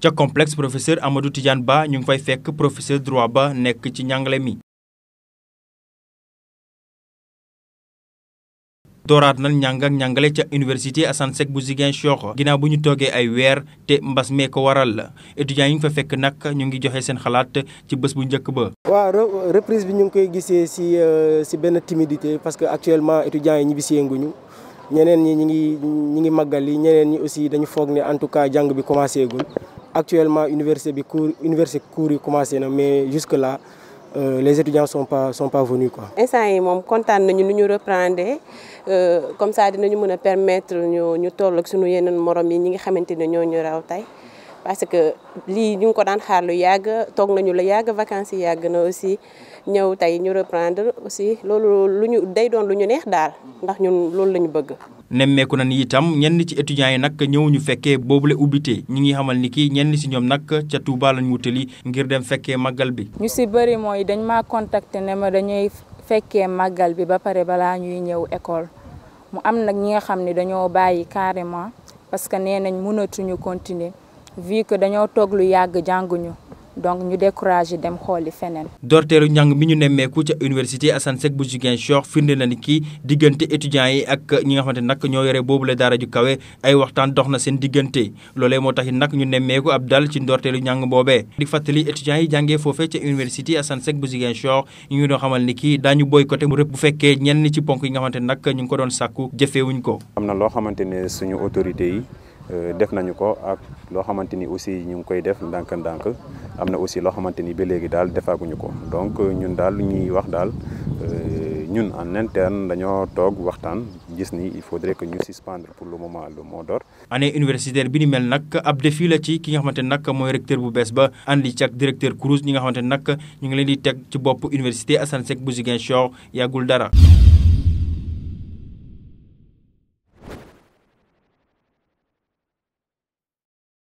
ca complexe professeur Amadou Tidiane Ba ñu ngi fay fekk professeur droit ba nekk ci ñangalé mi. dorat nan ñang ak ñangalé ca université Assane Seck bu Ziguinchor ginaaw bu ñu ay weer te mbas mé ko waral la yi ñu fa fekk nak ñu ngi joxé sen xalaat ci bëss bu njëkk ba. wa reprise bi ñu ngi koy gissé si euh, si benn timidité parce que actuellement étudiant yi ñi Nyene nguñu ñeneen ñi ñi ngi ñi ngi màggal yi ñeneen ñi aussi dañu fogg né en tout cas jang bi commencé gul. actuellement université bi cours université cours yi commencé mais jusque là euh, les étudiants sont pas sont pas venus quoi. instant yi moom kontaan nañu nu ñu reprendre euh, comme ça dinañu nous permettre ñu ñu toll ak nous yeneen morom yi ñi nga xamante nous ñoo ñu parce que lii ñu ko daan xaar lu yàgg toog nañu la yàgg vacances yi yàgg na aussi ñëw tey ñu reprendre aussi loolu lu ñu day doon lu ñu neex daal ndax ñu loolu la ñu bëgg. nemmeeku na ni itam ñenn ci étudiants yi nag ñëw ñu fekkee boobule ubbite ñi ngi xamal ni kii ñenn ci ñoom nag ca Touba lañ wutali ngir dem fekkee màggal bi. ñu ci bëri mooy dañ maa contacter ne ma dañuy fekkee màggal bi ba pare balaa ñuy ñëw école mu am nag ñi nga xam ni dañoo bàyyi carrément parce que nee nañ mënatuñu continuer. vu que dañoo toog lu yàgg jànguñu donc ñu découragé dem xooli feneen. dorteelu njàng mi ñu nemmeeku ca université Assane bu bu Ziguinchor firnde na ni kii diggante étudiants yi ak ñi nga xamante nag ñoo yore boobule daara ju kawe ay waxtaan dox na seen diggante moo tax it nag ñu nemmeeku ab dal ci ndorteelu njàng boobee. di fàttali étudiants yi jàngee foofee ca université Assane Seck bu Ziguinchor ñu ngi doon xamal ni kii daañu boycotté mu rëpp bu fekkee ñenn ci ponk yi nga xamante nag ñu ngi ko doon sàkku jëfeewuñ ko. am na loo xamante ne suñu autorité yi. Euh, def nañu ko ak loo xamante ni aussi ñu ngi koy def ndànk-ndànk am na aussi loo xamante ni ba léegi daal defaaguñu ko donc euh, ñun daal lu ñuy wax daal euh, ñun en interne dañoo toog waxtaan gis ni il faudrait que ñu suspendre pour le moment le mot d'ordre. année universitaire bi ni mel nag ab défi la ci ki nga xamante nag mooy recteur bu bees ba indi ci ak directeur Crous ñi nga xamante nag ñu ngi leen di teg ci bopp université Assane Seck bu Ziguinchor yàggul dara.